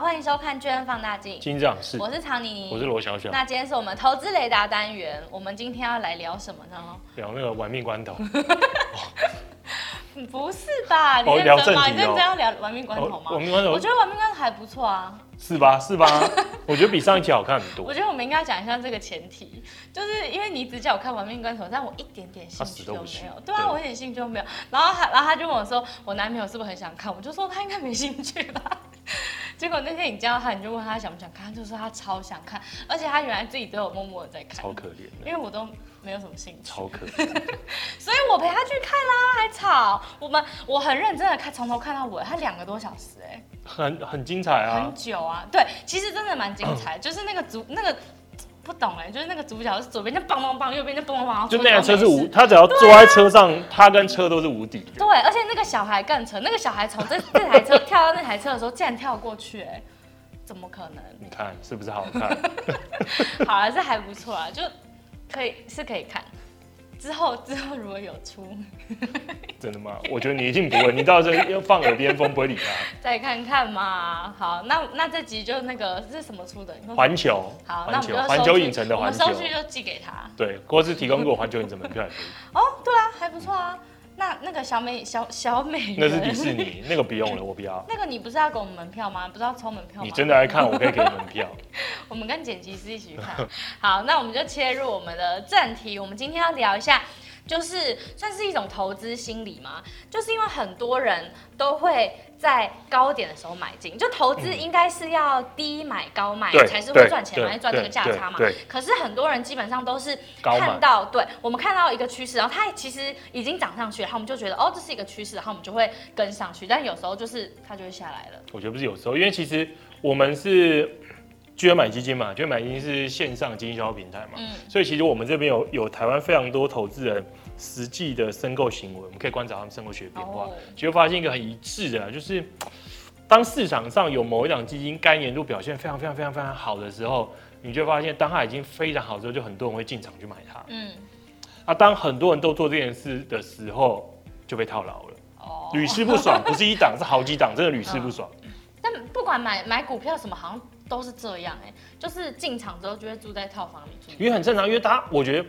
歡迎收看《鉅亨 Fund 大鏡》，金正是，我是常妮妮，我是羅小小。那今天是我們投資雷達單元，我們今天要來聊什麼呢？嗯、聊那個《玩命關頭》 ？ 不是吧？哦、我們聊正題哦。你認真要聊《玩命關頭》嗎？玩命關頭，我覺得《玩命關頭》還不錯啊。是吧？是吧？ 我覺得比上一期好看很多。 我覺得我們應該講一下這個前提，就是因為你只叫我看《玩命關頭》，但我一點點興趣都沒有、啊都。對啊，我一點興趣都沒有。然後他，然後他就問我說，我男朋友是不是很想看？我就說他應該沒興趣吧。 結果那天你見到他，你就問他想不想看，他就說他超想看，而且他原來自己都有默默的在看，超可憐的，因為我都沒有什麼興趣，超可憐。 所以我陪他去看啦，還吵。我們我很認真的看，從頭看到尾，他兩個多小時，哎，很很精彩啊，很久啊，對，其實真的蠻精彩， 就是那個足那個。不懂哎、欸，就是那個主角是左邊就砰砰砰，右邊就砰砰砰，就那台車是無，他只要坐在車上、啊，他跟車都是無敵的，對，而且那個小孩更蠢，那個小孩從這這台車 跳到那台車的時候，竟然跳過去哎、欸，怎麼可能？你看是不是好看？ 好啊，這還不錯啊，就可以是可以看。之後之後如果有出， 真的嗎？我覺得你一定不會，你到時候要放耳邊風，不會理他。 再看看嘛，好，那那這集就是那個是什麼出的？環球，好，環球，環球影城的環球，我們收據就寄給他。對，郭子提供過環球影城門票 。哦，對啊，還不錯啊。那那個小美小小美，那是迪士尼，那個不用了，我不要。 那個你不是要給我們門票嗎？不是要抽門票嗎？你真的愛看，我可以給你門票。 我們跟剪輯師一起去看。 好，那我們就切入我們的正題。我們今天要聊一下，就是算是一種投資心理嘛，就是因為很多人都會在高點的時候買進，就投資應該是要低買高賣、嗯、才是會賺錢，會賺這個價差嘛。可是很多人基本上都是看到，對我們看到一個趨勢，然後它其實已經漲上去了，然後我們就覺得哦，這是一個趨勢，然後我們就會跟上去，但有時候就是它就會下來了。我覺得不是有時候，因為其實我們是。鉅亨買基金嘛？鉅亨買基金是線上的經銷平台嘛？嗯，所以其實我們這邊有有台灣非常多投資人實際的申購行為，我們可以觀察他們申購學變化、哦，結果發現一個很一致的，就是當市場上有某一檔基金該年度表現非常非常非常非常好的時候，你就會發現當它已經非常好之後，就很多人會進場去買它。嗯，啊，當很多人都做這件事的時候，就被套牢了。哦，屢試不爽，不是一檔 是好幾檔，真的屢試不爽、嗯。但不管買買股票什麼，行。都是這樣哎、欸，就是進場之後就會住在套房裡面，因為很正常，因為大家我覺得，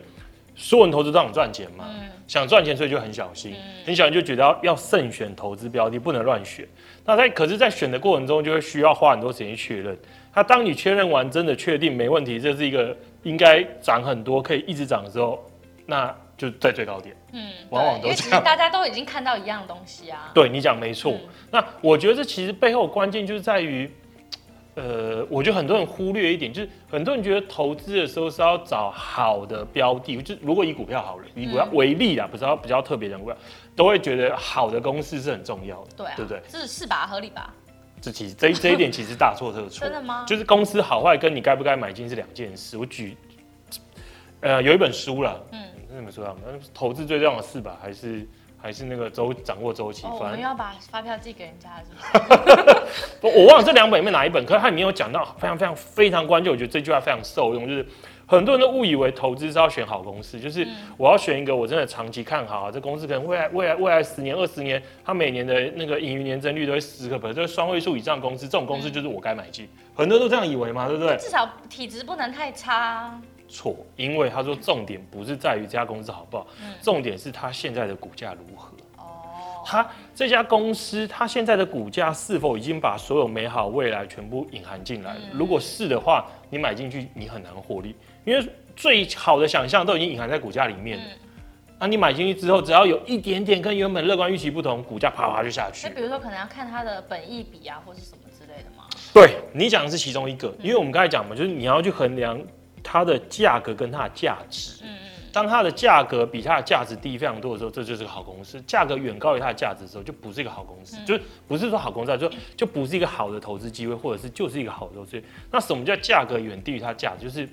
所有人投資都想賺錢嘛，嗯、想賺錢所以就很小心，嗯、很小心就覺得要要慎選投資標的，不能亂選。那在可是在選的過程中，就會需要花很多時間去確認。那、啊、當你確認完，真的確定沒問題，這是一個應該漲很多，可以一直漲的時候，那就在最高點。嗯，往往都其實大家都已經看到一樣東西啊。對你講沒錯、嗯。那我覺得這其實背後關鍵就是在於。呃，我覺得很多人忽略一點，就是很多人覺得投資的時候是要找好的標的，就是、如果以股票好了，以股票為例啦，嗯、不知道比較特別的人物都會覺得好的公司是很重要的，對、啊、對不對？這是是吧？合理吧？這其實這這一點其實大錯特錯， 真的嗎？就是公司好壞跟你該不該買進是兩件事。我舉，呃，有一本書了，嗯，那什麼書啊？投資最重要的事吧，還是？還是那個周掌握週期、哦，我們要把發票寄給人家是嗎？ 我忘了這兩本裡面哪一本，可是他裡面有講到非常非常非常關鍵，我覺得這句話非常受用，就是很多人都誤以為投資是要選好公司，就是我要選一個我真的長期看好、啊嗯、這公司，可能未來未來未來，未來十年二十年，它每年的那個盈餘年增率都會十個百分，就是雙位數以上的公司，這種公司就是我該買進、嗯。很多人都這樣以為嘛，對不對？至少體質不能太差、啊。錯，因為他說重點不是在於這家公司好不好、嗯，重點是他現在的股價如何。哦，他這家公司他現在的股價是否已經把所有美好未來全部隱含進來了、嗯？如果是的話，你買進去你很難獲利，因為最好的想象都已經隱含在股價裡面了。那、嗯啊、你買進去之後，只要有一點點跟原本樂觀預期不同，股價啪啪就下去。那比如說，可能要看它的本益比啊，或是什麼之類的嗎？對，你講的是其中一個，因為我們剛才講嘛、嗯，就是你要去衡量。它的價格跟它的價值，當它的價格比它的價值低非常多的時候，這就是個好公司；價格遠高於它的價值的時候，就不是一個好公司，就不是說好公司，就就不是一個好的投資機會，或者是就是一個好的投資。那什麼叫價格遠低於它價值？就是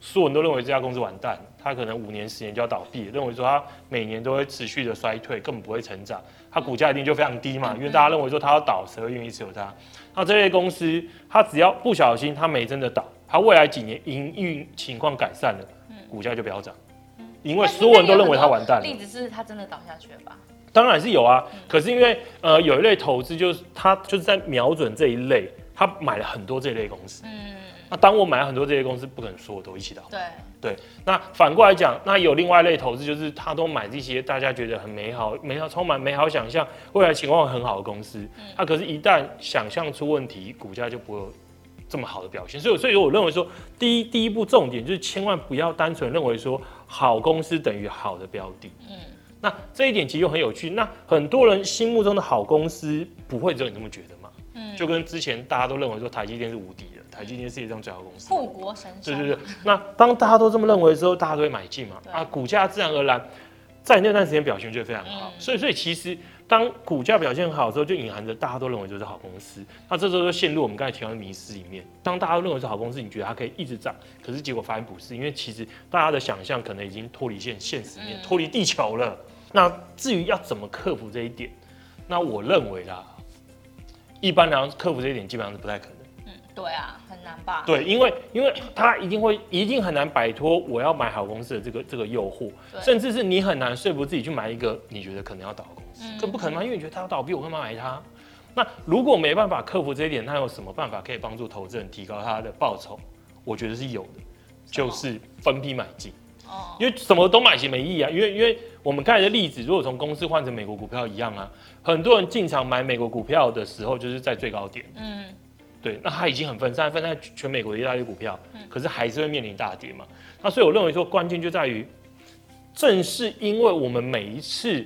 所有人都認為這家公司完蛋，它可能五年、十年就要倒閉，認為說它每年都會持續的衰退，根本不會成長，它股價一定就非常低嘛，因為大家認為說它要倒，誰會願意持有它？那這些公司，它只要不小心，它沒真的倒。他未來幾年營運情況改善了，嗯、股價就不要漲，嗯，因為所有人都認為他完蛋了。例子是他真的倒下去了吧？當然是有啊，嗯、可是因為呃，有一類投資就是他就是在瞄準這一類，他買了很多這一類公司。嗯。那、啊、當我買了很多這類公司，不可能說我都一起倒。對。對。那反過來講，那有另外一類投資，就是他都買這些大家覺得很美好、美好充滿美好想象、未來情況很好的公司。那、嗯啊、可是，一旦想象出問題，股價就不會。這麼好的表現，所以所以我認為說，第一第一步重點就是千萬不要單純認為說好公司等於好的標的。嗯，那這一點其實又很有趣。那很多人心目中的好公司，不會只有你這麼覺得嘛？嗯，就跟之前大家都認為說台積電是無敵的，台積電是世界上最好公司，護國神山。對對對，那當大家都這麼認為之後，大家都會買進嘛？啊，股價自然而然在那段時間表現就非常好。嗯、所以所以其實。當股價表現好之後，就隱含着大家都認為這是好公司，那這時候就陷入我們剛才提到的迷思裡面。當大家都認為是好公司，你覺得它可以一直漲，可是結果反而不是，因為其實大家的想象可能已經脫離現現實面，脫離地球了。嗯、那至於要怎麼克服這一點，那我認為啦，一般來說克服這一點基本上是不太可能。嗯，對啊。對，因為因為他一定會一定很難擺脫我要買好公司的這個這個誘惑，甚至是你很難說服自己去買一個你覺得可能要倒的公司，這、嗯、不可能，因為你覺得他要倒閉，我幹嘛買他？那如果沒辦法克服這一點，他有什麼辦法可以幫助投資人提高他的報酬？我覺得是有的，就是分批買進哦，因為什麼都買些沒意義啊。因為因為我們看來的例子，如果從公司換成美國股票一樣啊，很多人進場買美國股票的時候就是在最高點，嗯。對，那它已經很分散，分散全美國一大堆股票，可是還是會面臨大跌嘛。嗯、那所以我認為說，關鍵就在於，正是因為我們每一次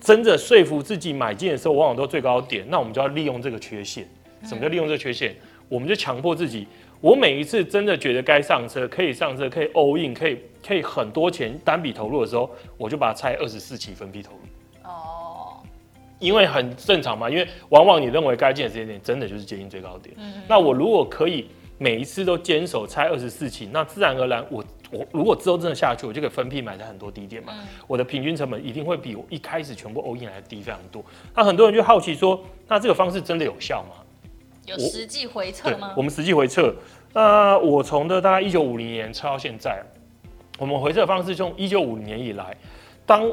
真的說服自己買進的時候，往往都最高點，那我們就要利用這個缺陷。什麼叫利用這個缺陷、嗯？我們就強迫自己，我每一次真的覺得該上車，可以上車，可以 all in，可以可以很多錢單筆投入的時候，我就把它拆二十四期，分批投入。哦。因為很正常嘛，因為往往你認為該進的時間點，真的就是接近最高點、嗯。那我如果可以每一次都堅守拆二十四期，那自然而然我，我我如果之後真的下去，我就可以分批買在很多低點嘛、嗯。我的平均成本一定會比我一開始全部 all in 來的低非常多。那很多人就好奇說，那這個方式真的有效嗎？有實際回測嗎我？我們實際回測、嗯、那我從的大概一九五零年拆到現在，我們回測的方式從一九五零年以來，當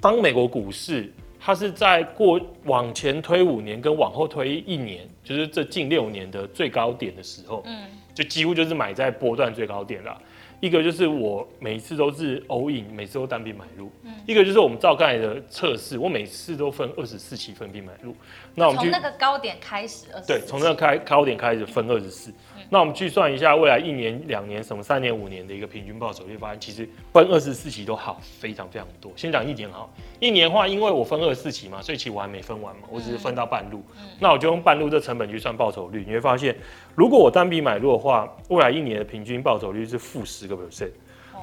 當美國股市。它是在過往前推五年跟往後推一年，就是這近六年的最高點的時候，嗯，就幾乎就是買在波段最高點了。一個就是我每次都是歐印，每次都單筆買入，嗯，一個就是我們照剛才的測試，我每次都分二十四期分批買入，嗯。那我們從那個高點開始，對，從那個高點開始分二十四。那我們去算一下未來一年，兩年，什麼三年，五年的一個平均報酬率，發現其實分二十四期都好非常非常多。先講一年好，一年的話，因為我分二十四期嘛，所以其實我還沒分完嘛，我只是分到半路，嗯，那我就用半路的成本去算報酬率，你會發現。如果我單筆買入的話，未來一年的平均報酬率是負十個 percent。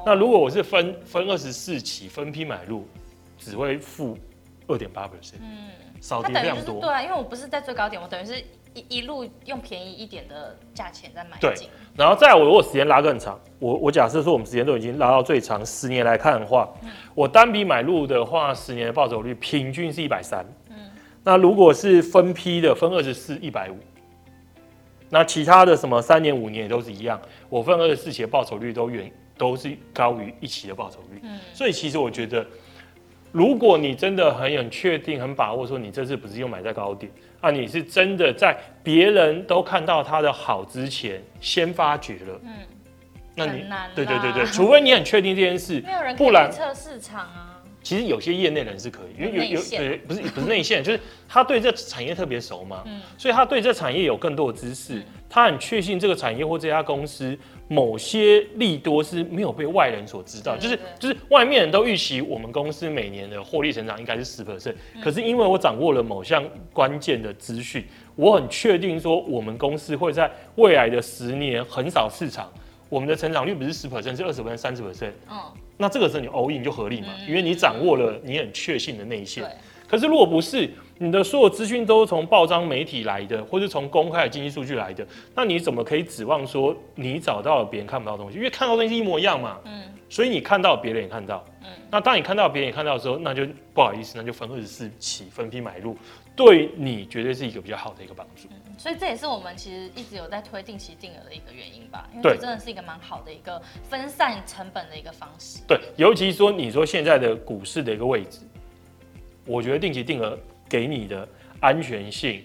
那如果我是分分二十四期分批買入，只會負二點八 percent。嗯，少，跌量多。就是、對、啊，因為我不是在最高點，我等於是一一路用便宜一點的價錢在買。對，然後再來我如果時間拉更長，我我假設說我們時間都已經拉到最長十年來看的話，嗯、我單筆買入的話，十年的報酬率平均是一百三。嗯，那如果是分批的分二十四一百五。那其他的什麼三年、五年也都是一樣，我份二四期的報酬率都遠都是高於一期的報酬率。嗯，所以其實我覺得，如果你真的很有確定、很把握，說你這次不是又買在高點，啊，你是真的在別人都看到它的好之前先發覺了。嗯，那你對對對對，除非你很確定這件事，不然，沒有人可以去測市場啊。其實有些業內人士可以，因為有有對，不是不是內線， 就是他對這產業特別熟嘛、嗯，所以他對這產業有更多的知識，嗯，他很確信這個產業或這家公司某些利多是沒有被外人所知道，對對對，就是就是外面人都預期我們公司每年的獲利成長應該是十 percent，嗯，可是因為我掌握了某項關鍵的資訊，嗯，我很確定說我們公司會在未來的十年很少市場，我們的成長率不是十 percent，是二十 percent、三十 percent。哦那這個時候你 all in 就合理嘛，因為你掌握了你很確信的內線。可是如果不是你的所有資訊都是從報章媒體來的，或是從公開的經濟數據來的，那你怎麼可以指望說你找到了別人看不到東西？因為看到東西一模一樣嘛。所以你看到別人也看到。那當你看到別人、嗯、別人也看到的時候，那就不好意思，那就分二十四期分批買入。對你絕對是一個比較好的一個幫助，嗯，所以這也是我們其實一直有在推定期定額的一個原因吧，因為這真的是一個蠻好的一個分散成本的一個方式。對，尤其說你說現在的股市的一個位置，我覺得定期定額給你的安全性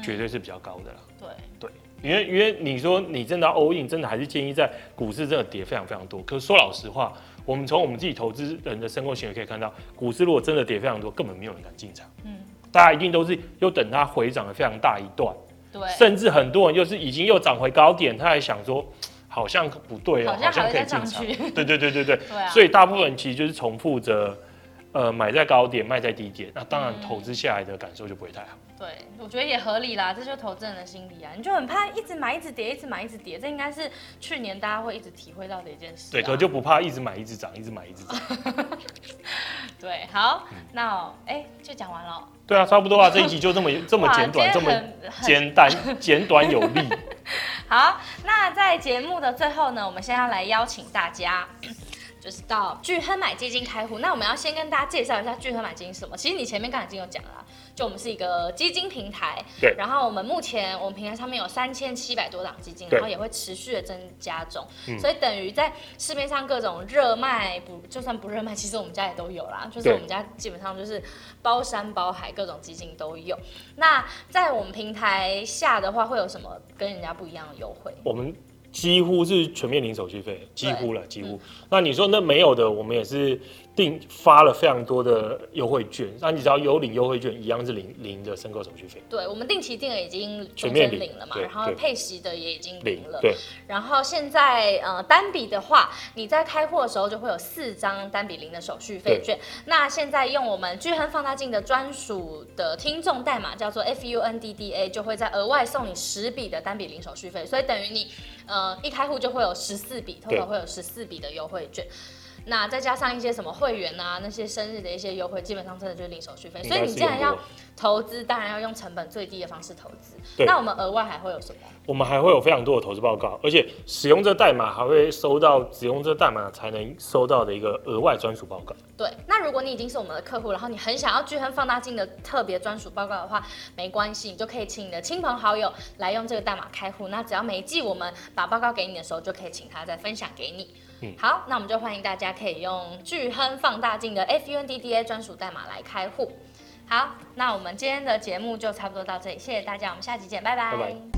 絕對是比較高的啦、嗯、對對，因為因為你說你真的 all in 真的還是建議在股市真的跌非常非常多。可是說老實話，我們從我們自己投資人的申購行為可以看到，股市如果真的跌非常多，根本沒有人敢進場。嗯。大家一定都是又等它回漲了非常大一段，對，甚至很多人就是已經又漲回高點，他還想說好像不對哦、啊，好像可以進場，對對對對對，對、啊，所以大部分人其實就是重複着，呃，買在高點，賣在低點，那當然投資下來的感受就不會太好。嗯。對，我覺得也合理啦，這就投資人的心理啊，你就很怕一直買一直跌，一直買一直跌，這應該是去年大家會一直體會到的一件事，啊。對，可就不怕一直買一直漲，一直買一直漲。直直 對，好，那哎，欸，就講完了。對啊，差不多啊，這一集就這麼 這麼簡短，這麼簡單，簡短有力。 好，那在節目的最後呢，我們先要來邀請大家，就是到鉅亨買基金開戶，那我們要先跟大家介紹一下鉅亨買基金是什麼。其實你前面剛才已經有講了，就我們是一個基金平台，對。然後我們目前我們平台上面有三千七百多檔基金，然後也會持續的增加中，所以等於在市面上各種熱賣不就算不熱賣，其實我們家也都有啦。就是我們家基本上就是包山包海，各種基金都有。那在我們平台下的話，會有什麼跟人家不一樣的優惠？我們幾乎是全面零手續費，幾乎了，幾乎。那你說那沒有的，我們也是。並發了非常多的優惠券，那你只要有領優惠券一樣是零零的申購手續費。對，我們定期定額已經全面領了嘛，然後配息的也已經領了。零對。然後現在呃單筆的話，你在開戶的時候就會有四張單筆零的手續費券。那現在用我們鉅亨放大鏡的專屬的聽眾代碼叫做 F U N D D A，就會再額外送你十筆的單筆零手續費。所以等於你呃一開戶就會有十四筆，通常會有十四筆的優惠券。那再加上一些什麼會員啊，那些生日的一些優惠，基本上真的就是零手續費。所以你既然要投資，當然要用成本最低的方式投資。對，那我們額外還會有什麼？我們還會有非常多的投資報告，而且使用這代碼還會收到，只用這代碼才能收到的一個額外專屬報告。對，那如果你已經是我們的客戶，然後你很想要鉅亨放大鏡的特別專屬報告的話，沒關係，你就可以請你的親朋好友來用這個代碼開戶。那只要每一季我們把報告給你的時候，就可以請他再分享給你。嗯，好，那我們就歡迎大家，可以用鉅亨放大鏡的 FUNDDA 專屬代碼來開戶。好，那我們今天的節目就差不多到這裡，謝謝大家，我們下集見，拜拜。拜拜。